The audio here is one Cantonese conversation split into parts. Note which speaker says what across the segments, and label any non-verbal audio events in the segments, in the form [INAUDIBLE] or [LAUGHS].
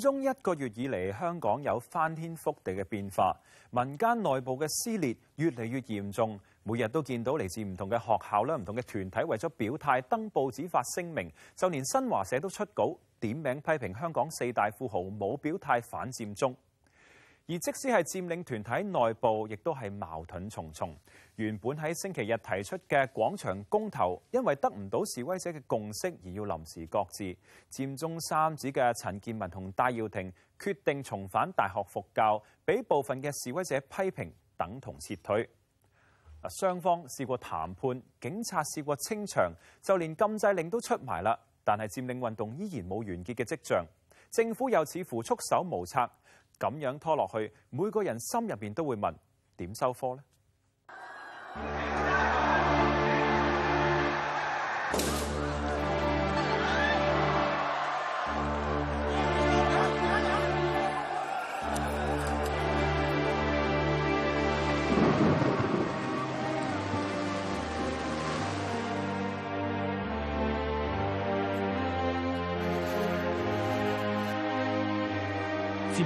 Speaker 1: 中一個月以嚟，香港有翻天覆地嘅變化，民間內部嘅撕裂越嚟越嚴重，每日都見到嚟自唔同嘅學校咧、唔同嘅團體為咗表態登報紙發聲明，就連新華社都出稿點名批評香港四大富豪冇表態反佔中，而即使係佔領團體內部，亦都係矛盾重重。原本喺星期日提出嘅廣場公投，因為得唔到示威者嘅共識而要臨時擱置。佔中三子嘅陳健民同戴耀廷決定重返大學復教，俾部分嘅示威者批評等同撤退。雙方試過談判，警察試過清場，就連禁制令都出埋啦。但係佔領運動依然冇完結嘅跡象，政府又似乎束手無策，咁樣拖落去，每個人心入邊都會問點收科咧？
Speaker 2: 佔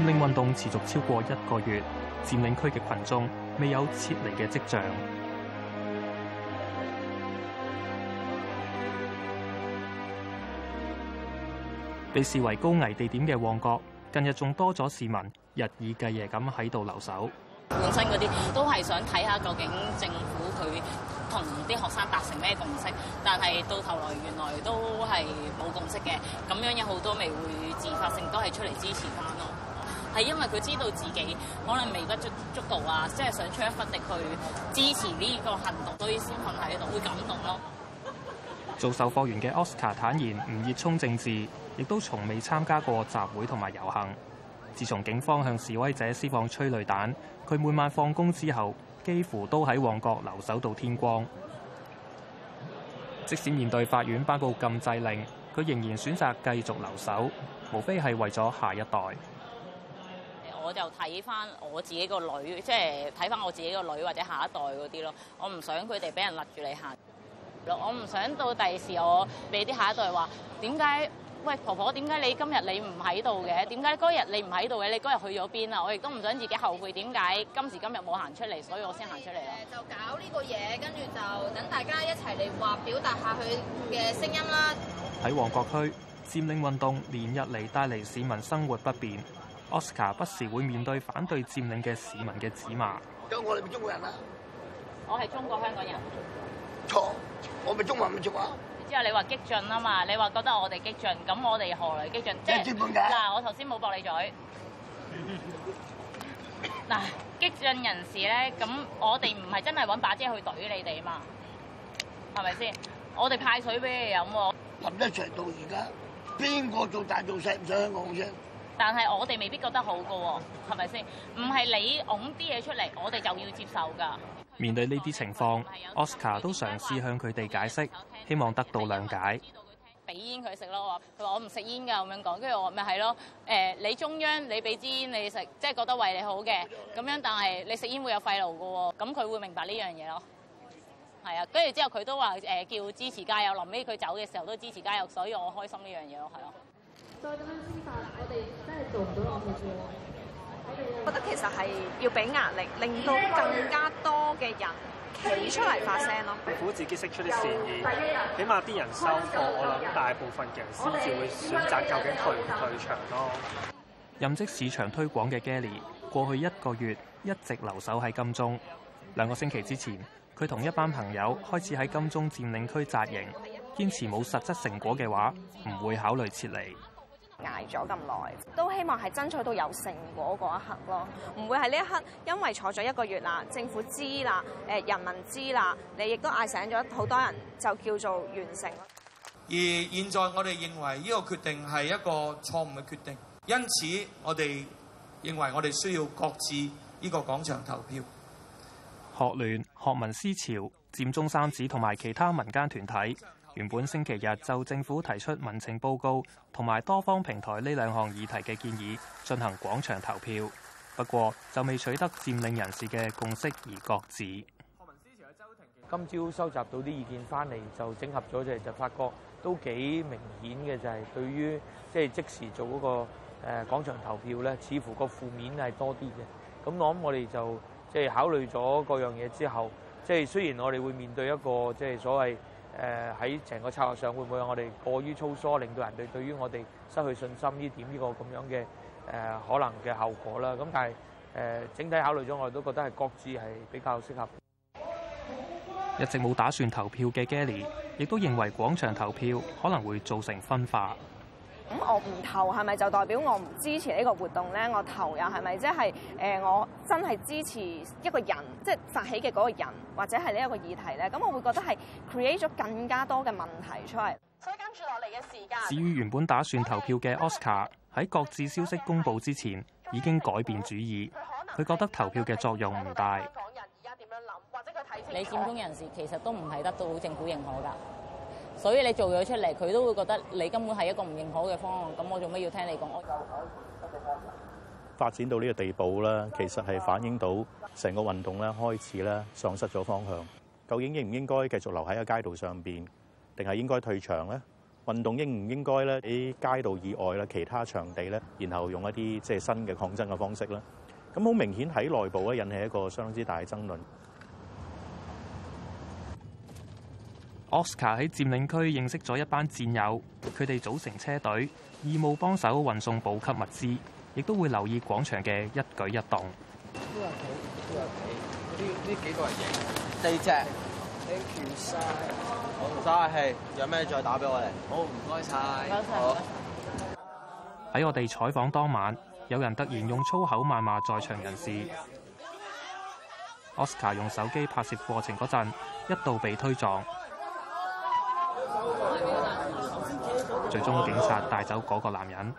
Speaker 2: 領運動持續超過一個月，佔領區嘅群眾未有撤離嘅跡象。被視為高危地點嘅旺角，近日仲多咗市民日以繼夜咁喺度留守。本身
Speaker 3: 嗰啲都係想睇下究竟政府佢同啲學生達成咩共識，但係到頭來原來都係冇共識嘅，咁樣有好多未會自發性都係出嚟支持翻咯。係因為佢知道自己可能微不足道啊，即係想出一分力去支持呢個行動，所以先肯喺度，會感動咯。
Speaker 2: 做售貨員嘅 Oscar 坦言唔熱衷政治，亦都從未參加過集會同埋遊行。自從警方向示威者施放催淚彈，佢每晚放工之後，幾乎都喺旺角留守到天光。即使面對法院頒布禁制令，佢仍然選擇繼續留守，無非係為咗下一代。
Speaker 3: 我就睇翻我自己個女，即係睇翻我自己個女或者下一代嗰啲咯。我唔想佢哋俾人勒住你行。我唔想到第時我俾啲下一代話點解？喂，婆婆點解你今日你唔喺度嘅？點解嗰日你唔喺度嘅？你嗰日去咗邊啊？我亦都唔想自己後悔點解今時今日冇行出嚟，所以我先行出嚟咯。我就搞呢個嘢，跟住就等大家一齊嚟話表達下佢嘅聲音啦。
Speaker 2: 喺旺角區，佔領運動連日嚟帶嚟市民生活不便，Oscar 不時會面對反對佔領嘅市民嘅指罵。
Speaker 3: 咁我係咪中國人啊？我係中國香港人。錯。我咪中文咪著啊！之後你話激進啊嘛，你話覺得我哋激進，咁我哋何來激進？即係嗱，我頭先冇駁你嘴。嗱， [LAUGHS] 激進人士咧，咁我哋唔係真係揾把遮去懟你哋啊嘛，係咪先？我哋派水俾你飲喎。
Speaker 4: 淋一場到而家，邊個做大做細唔想香港好？
Speaker 3: 但係我哋未必覺得好噶喎，係咪先？唔係你拱啲嘢出嚟，我哋就要接受㗎。
Speaker 2: 面對呢啲情況，Oscar 都嘗試向佢哋解釋，希望得到諒解
Speaker 3: 給煙他吃。俾煙佢食咯，佢話我唔食煙㗎，咁樣講，跟住我咪係咯。誒、呃，你中央你俾支煙你食，即係覺得為你好嘅，咁樣，但係你食煙會有肺癆嘅喎，咁佢會明白呢樣嘢咯。係啊，跟住之後佢都話誒、呃、叫支持加油，臨尾佢走嘅時候都支持加油，所以我開心呢樣嘢咯，係啊。再咁樣先發，我哋真係做唔到落去。覺得其實係要俾壓力，令到更加多嘅人企出嚟發聲咯。
Speaker 2: 政府自己釋出啲善意，起碼啲人收貨，我諗大部分嘅人先至會選擇究竟退唔退場咯。任職市場推廣嘅 Gerry 過去一個月一直留守喺金鐘。兩個星期之前，佢同一班朋友開始喺金鐘佔領區紮營，堅持冇實質成果嘅話，唔會考慮撤離。
Speaker 3: 挨咗咁耐，都希望係爭取到有成果嗰一刻咯，唔會喺呢一刻因為坐咗一個月啦，政府知啦，誒人民知啦，你亦都嗌醒咗好多人，就叫做完成。
Speaker 2: 而現在我哋認為呢個決定係一個錯誤嘅決定，因此我哋認為我哋需要各自呢個廣場投票，學聯、學民思潮、佔中三子同埋其他民間團體。原本星期日就政府提出民情報告同埋多方平台呢兩項議題嘅建議進行廣場投票，不過就未取得佔領人士嘅共識而擱置。學民思潮嘅周庭，今朝收集到啲意見翻嚟，就整合咗就係就發覺都幾明顯嘅，就係對於即係即時做嗰個誒廣場投票咧，似乎個負面係多啲嘅。咁我諗我哋就即係考慮咗各樣嘢之後，即係雖然我哋會面對一個即係所謂。誒喺成個策略上會唔會我哋過於粗疏，令到人哋對於我哋失去信心呢點呢、呢個咁樣嘅誒、呃、可能嘅後果啦？咁但係誒、呃、整體考慮咗，我哋都覺得係各自係比較適合。一直冇打算投票嘅 Gerry 亦都認為廣場投票可能會造成分化。
Speaker 3: 咁我唔投係咪就代表我唔支持呢個活動咧？我投又係咪即係誒我真係支持一個人，即係發起嘅嗰個人或者係呢一個議題咧？咁我會覺得係 create 咗更加多嘅問題出嚟。所以跟住落嚟嘅時間，至
Speaker 2: 於原本打算投票嘅 Oscar 喺擱置消息公布之前已經改變主意，佢覺得投票嘅作用唔大。
Speaker 3: 港人而家點樣諗，或者佢睇你佔中人士其實都唔係得到政府認可㗎。所以你做咗出嚟，佢都會覺得你根本係一個唔認可嘅方案。咁我做咩要聽你講？
Speaker 2: 發展到呢個地步咧，其實係反映到成個運動咧開始咧喪失咗方向。究竟應唔應該繼續留喺個街道上邊，定係應該退場咧？運動應唔應該咧喺街道以外咧其他場地咧，然後用一啲即係新嘅抗爭嘅方式咧？咁好明顯喺內部咧引起一個相當之大嘅爭論。Oscar 喺佔領區認識咗一班戰友，佢哋組成車隊，義務幫手運送補給物資，亦都會留意廣場嘅一舉一動。
Speaker 5: 呢呢幾個係
Speaker 2: 喺我哋採訪當晚，有人突然用粗口謾罵在場人士。Oscar 用手機拍攝過程嗰陣，一度被推撞。
Speaker 5: 最終，警察帶走
Speaker 2: 嗰個男人。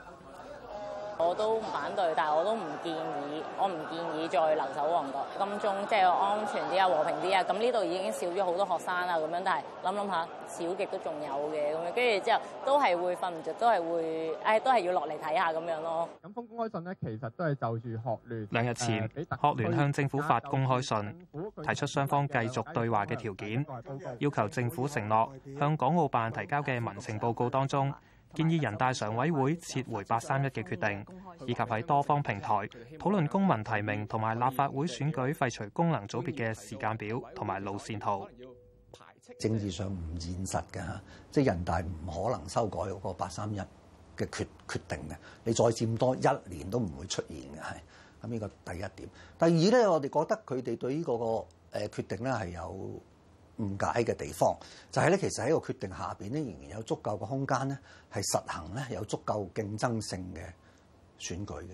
Speaker 3: 我都唔反對，但係我都唔建議，我唔建議再留守旺角。金鐘，即係安全啲啊，和平啲啊。咁呢度已經少咗好多學生啦，咁樣，但係諗諗下，少極都仲有嘅咁樣。跟住之後，都係會瞓唔着，都係會，誒，都係要落嚟睇下咁樣咯。咁
Speaker 2: 封公開信呢，其實都係就住學聯。兩日前，學聯向政府發公開信，提出雙方繼續對話嘅條件，要求政府承諾向港澳辦提交嘅民情報告當中。建議人大常委會撤回八三一嘅決定，以及喺多方平台討論公民提名同埋立法會選舉廢除功能組別嘅時間表同埋路線圖。
Speaker 4: 政治上唔現實嘅，即係人大唔可能修改嗰個八三一嘅決決定嘅。你再佔多一年都唔會出現嘅，係，咁呢個第一點。第二呢，我哋覺得佢哋對呢個個誒決定呢係有誤解嘅地方就係咧，其實喺個決定下邊咧，仍然有足夠嘅空間咧，係實行咧有足夠競爭性嘅選舉嘅。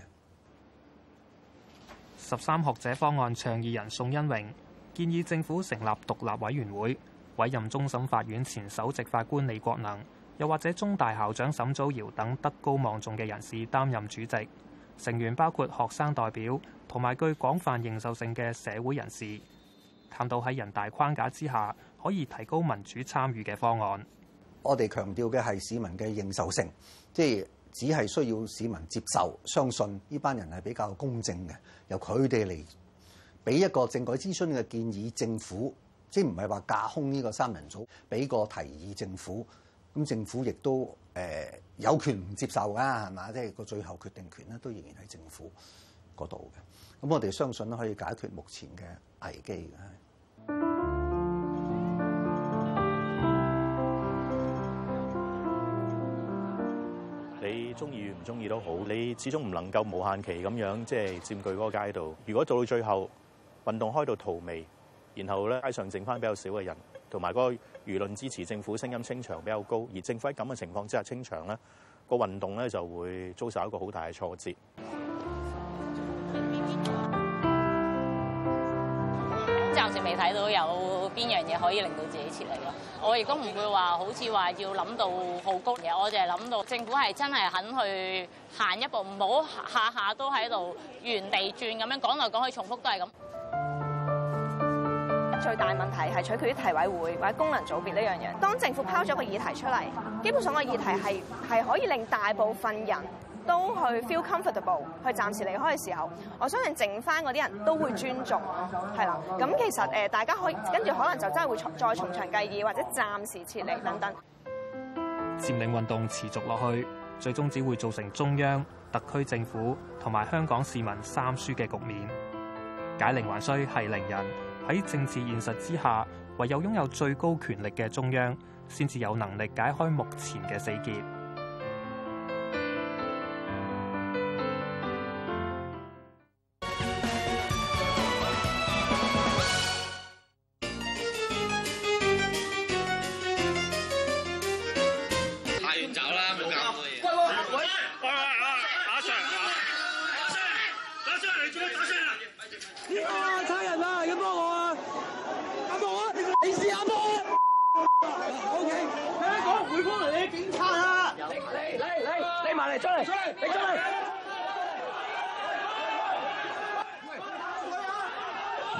Speaker 2: 十三學者方案倡議人宋恩榮建議政府成立獨立委員會，委任終審法院前首席法官李國能，又或者中大校長沈祖堯等德高望重嘅人士擔任主席，成員包括學生代表同埋具廣泛認受性嘅社會人士。談到喺人大框架之下可以提高民主參與嘅方案，
Speaker 4: 我哋強調嘅係市民嘅認受性，即係只係需要市民接受、相信呢班人係比較公正嘅，由佢哋嚟俾一個政改諮詢嘅建議政府，即係唔係話架空呢個三人組俾個提議政府，咁政府亦都誒有權唔接受㗎，係嘛？即係個最後決定權咧，都仍然係政府。嗰度嘅，咁我哋相信可以解決目前嘅危機嘅。
Speaker 2: 你中意唔中意都好，你始終唔能夠無限期咁樣即係、就是、佔據嗰個街道。如果做到最後運動開到荼靡，然後咧，街上剩翻比較少嘅人，同埋嗰個輿論支持政府聲音清場比較高，而政府喺咁嘅情況之下清場咧，個運動咧就會遭受一個好大嘅挫折。
Speaker 3: 未睇到有邊樣嘢可以令到自己撤離。我亦都唔會話好似話要諗到好高嘅，我就係諗到政府係真係肯去行一步，唔好下下都喺度原地轉，咁樣講來講去，重複都係咁。最大問題係取決於提委會或者功能組別呢樣嘢。當政府拋咗個議題出嚟，基本上個議題係係可以令大部分人。都去 feel comfortable，去暫時離開嘅時候，我相信剩翻嗰啲人都會尊重，係啦。咁其實誒大家可以跟住可能就真係會再從長計議或者暫時撤離等等。
Speaker 2: 佔領運動持續落去，最終只會造成中央、特區政府同埋香港市民三輸嘅局面。解鈴還需繫鈴人，喺政治現實之下，唯有擁有最高權力嘅中央，先至有能力解開目前嘅死結。
Speaker 4: 嚟出嚟！
Speaker 5: 出嚟！出嚟。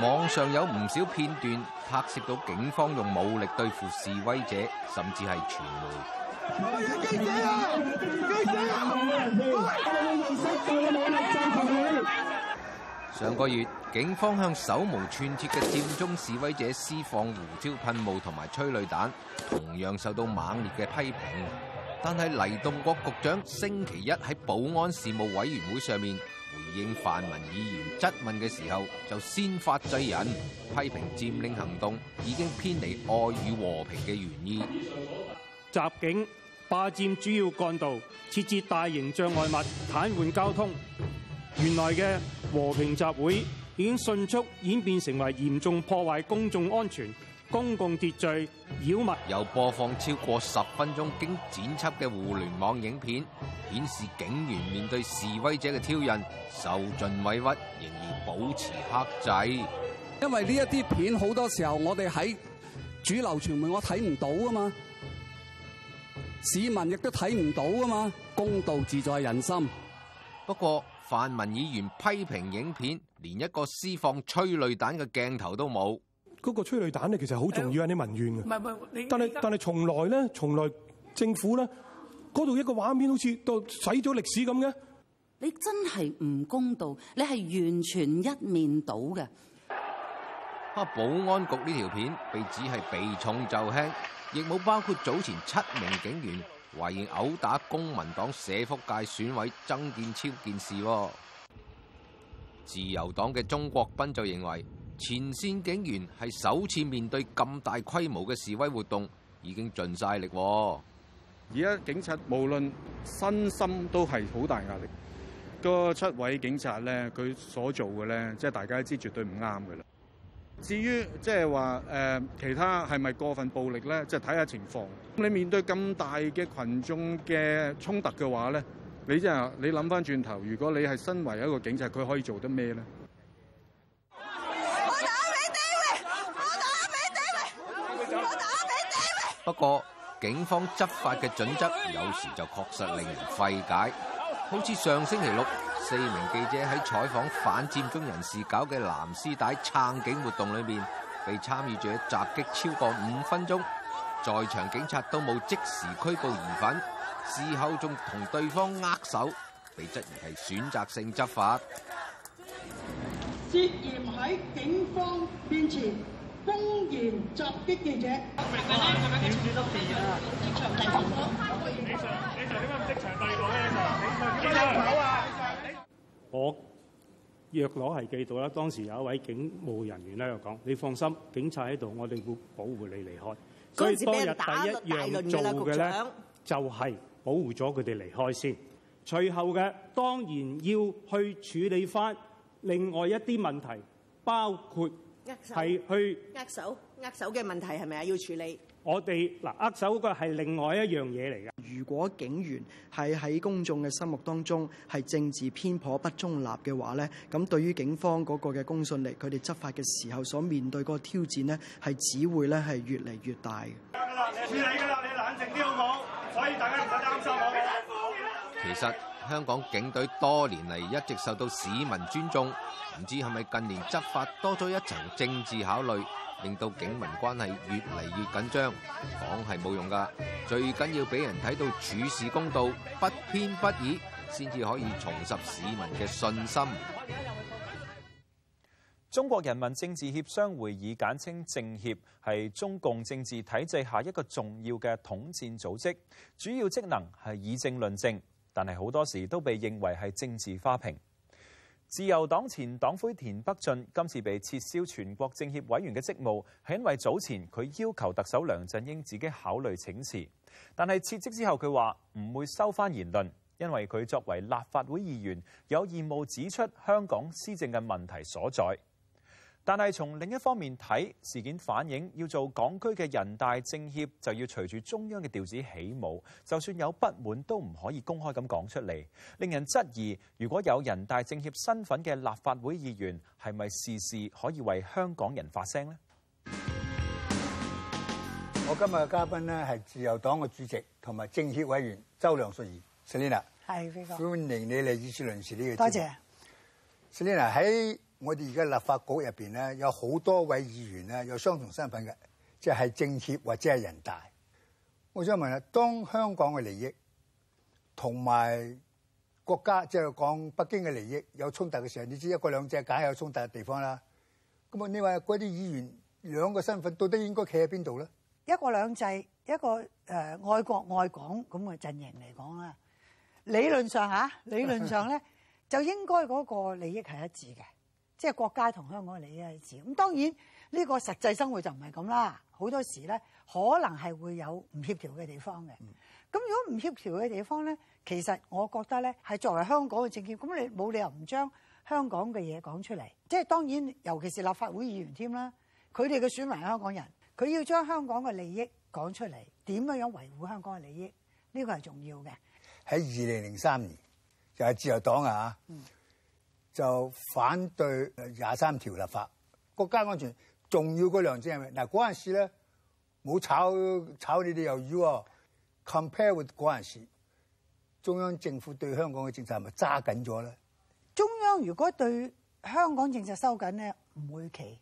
Speaker 5: 網上有唔少片段拍攝到警方用武力對付示威者，甚至係傳
Speaker 1: 媒。
Speaker 4: 力
Speaker 5: 上個月，警方向手無寸鐵嘅佔中示威者施放胡椒噴霧同埋催淚彈，同樣受到猛烈嘅批評。但係黎棟國局長星期一喺保安事務委員會上面回應泛民議員質問嘅時候，就先發制人，批評佔領行動已經偏離愛與和平嘅原意，襲警霸佔主要幹道，設置大型障礙物癱瘓
Speaker 1: 交通，原來嘅和平集會已經迅速演變成為嚴重破壞公眾安全。
Speaker 5: 公共秩序擾民，又播放超過十分鐘經剪輯嘅互聯網影片，顯示警員面對示威者嘅挑釁，受盡委屈，仍然保持克制。因為呢一啲片好多時候，我哋喺主流傳媒我睇唔到啊嘛，市民亦都睇唔到啊嘛，公道自在人心。不過，泛民議員批評影片連一個施放催淚彈嘅鏡頭都冇。嗰個催淚彈咧，其實好重要喺啲民怨嘅。唔係唔係，你但係但係從來咧，從來政府咧，嗰度一個畫面好似都洗咗歷史咁嘅。
Speaker 3: 你真係唔公道，你係完全一面倒嘅。
Speaker 5: 啊！保安局呢條片被指係避重就輕，亦冇包括早前七名警員懷疑毆打公民黨社福界選委曾建超件事喎。自由黨嘅鍾國斌就認為。前線警員係首次面對咁大規模嘅示威活動，已經盡晒力。而家警察無論身心都係好大壓力。個七位警察咧，佢所做嘅咧，即係大家都知，絕對唔啱嘅啦。至於即係話誒，其他係咪過分暴力咧？即係睇下情況。你面對咁大嘅群眾嘅衝突嘅話咧，你即係你諗翻轉頭，如果你係身為一個警察，佢可以做得咩咧？不過警方執法嘅準則有時就確實令人費解，好似上星期六四名記者喺採訪反佔中人士搞嘅藍絲帶撐警活動裏面，被參與者襲擊超過五分鐘，在場警察都冇即時拘捕疑犯，事後仲同對方握手，被質疑係選擇性執法，
Speaker 6: 涉嫌喺警方面前。公然襲擊記者，點算都掂啦！唔
Speaker 1: 識長大個，我若攞係記到啦。當時有一位警務人員咧就講：你放心，警察喺度，我哋會保護你離開。所以當日第一樣做嘅咧，就係保護咗佢哋離開先。隨後嘅當然要去處理返另外一啲問題，包括。係去
Speaker 6: 握手，握手嘅問題係咪啊？要處理。
Speaker 1: 我哋嗱，握手嗰個係另外一樣嘢嚟㗎。如果警員係喺公眾嘅心目當中係政治偏頗不中立嘅話咧，咁對於警方嗰個嘅公信力，佢哋執法嘅時候所面對嗰個挑戰咧，係只會咧係越嚟越大
Speaker 4: 嘅。得啦，你處理㗎啦，你冷靜啲好冇？所以大家唔使擔心我嘅
Speaker 5: 其實。香港警隊多年嚟，一直受到市民尊重，唔知係咪近年執法多咗一層政治考慮，令到警民關係越嚟越緊張。講係冇用噶，最緊要俾人睇到處事公道、不偏不倚，先至可以重拾市民嘅信心。中國人民政治協
Speaker 1: 商會議簡稱政協，簡稱政協，係中共政治體制下一個重要嘅統戰組織，主要職能係議政論政。但係好多時都被認為係政治花瓶。自由黨前黨魁田北俊今次被撤銷全國政協委員嘅職務，係因為早前佢要求特首梁振英自己考慮請辭。但係撤職之後，佢話唔會收返言論，因為佢作為立法會議員，有義務指出香港施政嘅問題所在。但係從另一方面睇，事件反映要做港區嘅人大政協，就要隨住中央嘅調子起舞，就算有不滿都唔可以公開咁講出嚟，令人質疑：如果有人大政協身份嘅立法會議員，係咪事事可以為香港
Speaker 4: 人發聲呢？我今日嘅嘉賓呢，係自由黨嘅主席同埋政協委員周梁淑怡，Selina，係，歡迎你嚟議事論事呢個節目。多謝，Selina 喺。Selena, 我哋而家立法局入邊咧，有好多位議員咧，有雙重身份嘅，即係政協或者係人大。我想問下，當香港嘅利益同埋國家，即係講北京嘅利益有衝突嘅時候，你知一國兩制梗係有衝突嘅地方啦。咁啊，你話嗰啲議員兩個身份到底應該企喺邊度咧？
Speaker 6: 一國兩制一個誒、呃、愛國愛港咁嘅陣營嚟講啊，
Speaker 4: 理論上吓
Speaker 6: 理論上咧， [LAUGHS] 就應該嗰個利益係一致嘅。即係國家同香港嘅利益事，咁當然呢個實際生活就唔係咁啦。好多時咧，可能係會有唔協調嘅地方嘅。咁、嗯、如果唔協調嘅地方咧，其實我覺得咧係作為香港嘅政協，咁你冇理由唔將香港嘅嘢講出嚟。即係當然，尤其是立法會議員添啦，佢哋嘅選民係香港人，佢要將香港嘅利益講出嚟，點樣樣維護香港嘅利益呢個係重要嘅。
Speaker 4: 喺二零零三年就係自由黨啊，嗯。就反對廿三條立法，國家安全重要嗰兩字係咩？嗱嗰陣時咧冇炒炒你哋魷魚，compare with 嗰陣時，中央政府對香港嘅政策係咪揸緊咗咧？
Speaker 6: 中央如果對香港政策收緊咧，唔會奇。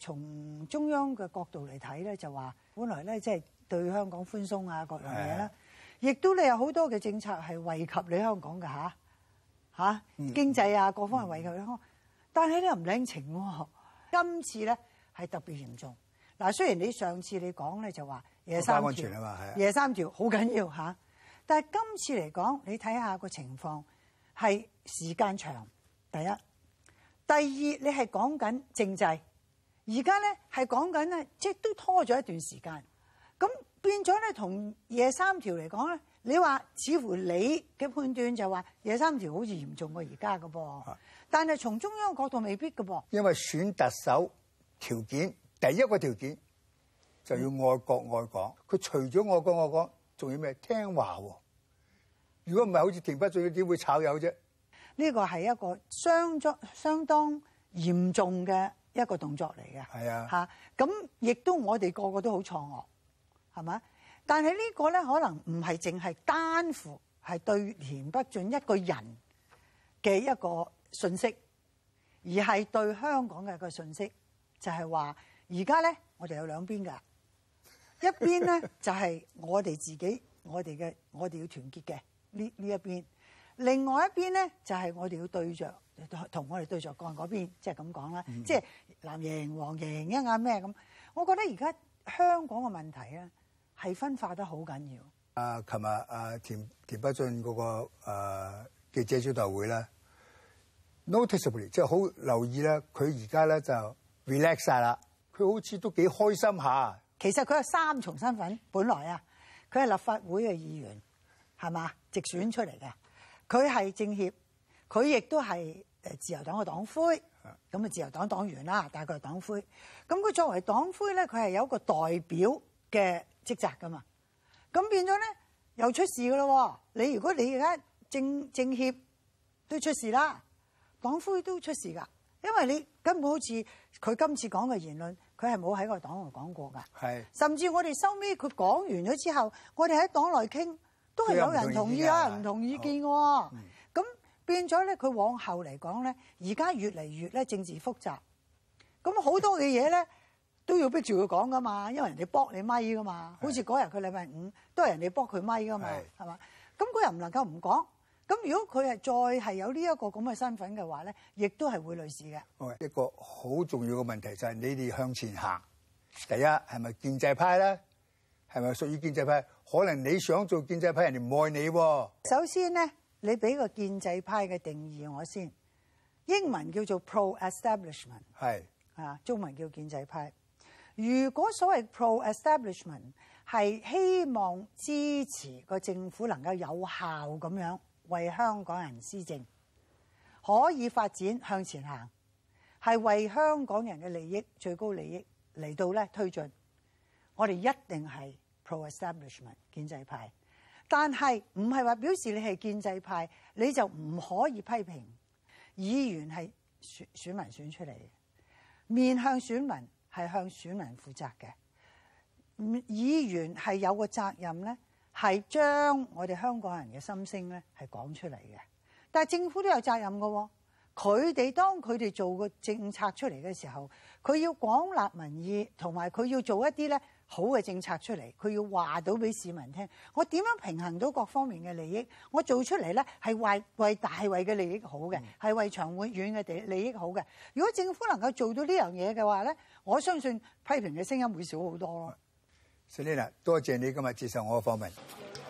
Speaker 6: 從中央嘅角度嚟睇咧，就話本來咧即係對香港寬鬆啊，各樣嘢啦，亦都你有好多嘅政策係惠及你香港嘅嚇。嚇、啊、經濟啊，各方嘅為佢。咧、嗯，嗯、但係又唔領情喎、啊。今次咧係特別嚴重。嗱、啊，雖然你上次你講咧就話夜三條，安全嘛夜三條好緊要嚇、啊。但係今次嚟講，你睇下個情況係時間長，第一，第二你係講緊政制，而家咧係講緊咧，即係都拖咗一段時間。咁變咗咧，同夜三條嚟講咧。你話似乎你嘅判斷就話野三條好似嚴重過而家嘅噃，是的但係從中央角度未必嘅噃。
Speaker 4: 因為選特首條件，第一個條件就要愛國愛港，佢、嗯、除咗愛國愛港，仲要咩？聽話喎！如果唔係，好似田北俊點會炒魷啫？
Speaker 6: 呢個係一個相足相當嚴重嘅一
Speaker 4: 個動作嚟嘅。係
Speaker 6: 的啊，嚇，咁亦都我哋個個都好錯愕，係嘛？但係呢個咧，可能唔係淨係單乎係對田北俊一個人嘅一個信息，而係對香港嘅一個信息，就係話而家咧，我哋有兩邊噶，一邊咧就係我哋自己，我哋嘅我哋要團結嘅呢呢一邊，另外一邊咧就係我哋要對著同我哋對著幹嗰邊，即係咁講啦，即係藍營、黃營一啱咩咁。我覺得而家香港嘅問題咧，係分化得好緊要。
Speaker 4: 啊，琴日啊，田田北俊嗰個誒記者招待會咧，noticeably 即係好留意咧，佢而家咧就 relax 晒啦，佢好似都幾開心下。其實佢係三重身份，本來
Speaker 6: 啊，佢係立法會嘅議員，係嘛，直選出嚟嘅，佢係政協，佢亦都係誒自由黨嘅黨魁，咁啊自由黨黨員啦，但係佢係黨魁。咁佢作為黨魁咧，佢係有一個代表嘅。職責噶嘛，咁變咗咧又出事噶咯。你如果你而家政政協都出事啦，黨魁都出事噶，因為你根本好似佢今次講嘅言論，佢係冇喺個黨內講過噶。係是，甚至我哋收尾佢講完咗之後，我哋喺黨內傾都係有人同意，有人唔同意見喎。咁好變咗咧，佢往後嚟講咧，而家越嚟越咧政治複雜，咁好多嘅嘢咧。 [LAUGHS] 都要逼住佢講噶嘛，因為人哋搏你咪噶嘛。是好似嗰日佢禮拜五都係人哋搏佢咪噶嘛，係嘛是？咁佢又唔能夠唔講。咁如果佢係再係有呢、這、一個咁嘅身份嘅話咧，亦都係會類似嘅。
Speaker 4: Okay. 一個好重要嘅問題就係你哋向前行，第一係咪建制派咧？係咪屬於建制派？可能你想做建制派，人哋唔愛你、哦。
Speaker 6: 首先咧，你俾個建制派嘅定義我先，英文叫做 pro-establishment，係啊是，中文叫建制派。如果所謂 pro-establishment 係希望支持個政府能夠有效咁樣為香港人施政，可以發展向前行，係為香港人嘅利益、最高利益嚟到咧推進，我哋一定係 pro-establishment 建制派。但係唔係話表示你係建制派你就唔可以批評議員係選選民選出嚟嘅，面向選民。係向選民負責嘅，議員係有個責任咧，係將我哋香港人嘅心聲咧係講出嚟嘅。但係政府都有責任嘅喎、哦，佢哋當佢哋做個政策出嚟嘅時候，佢要廣納民意，同埋佢要做一啲咧。好嘅政策出嚟，佢要話到俾市民聽，我點樣平衡到各方面嘅利益？我做出嚟咧係為為大衞嘅利益好嘅，係為長遠嘅利利益好嘅。如果政府能夠做到呢樣嘢嘅話咧，我相信批評嘅聲音會少好多咯。
Speaker 4: Selina，多謝你今日接受我嘅訪問。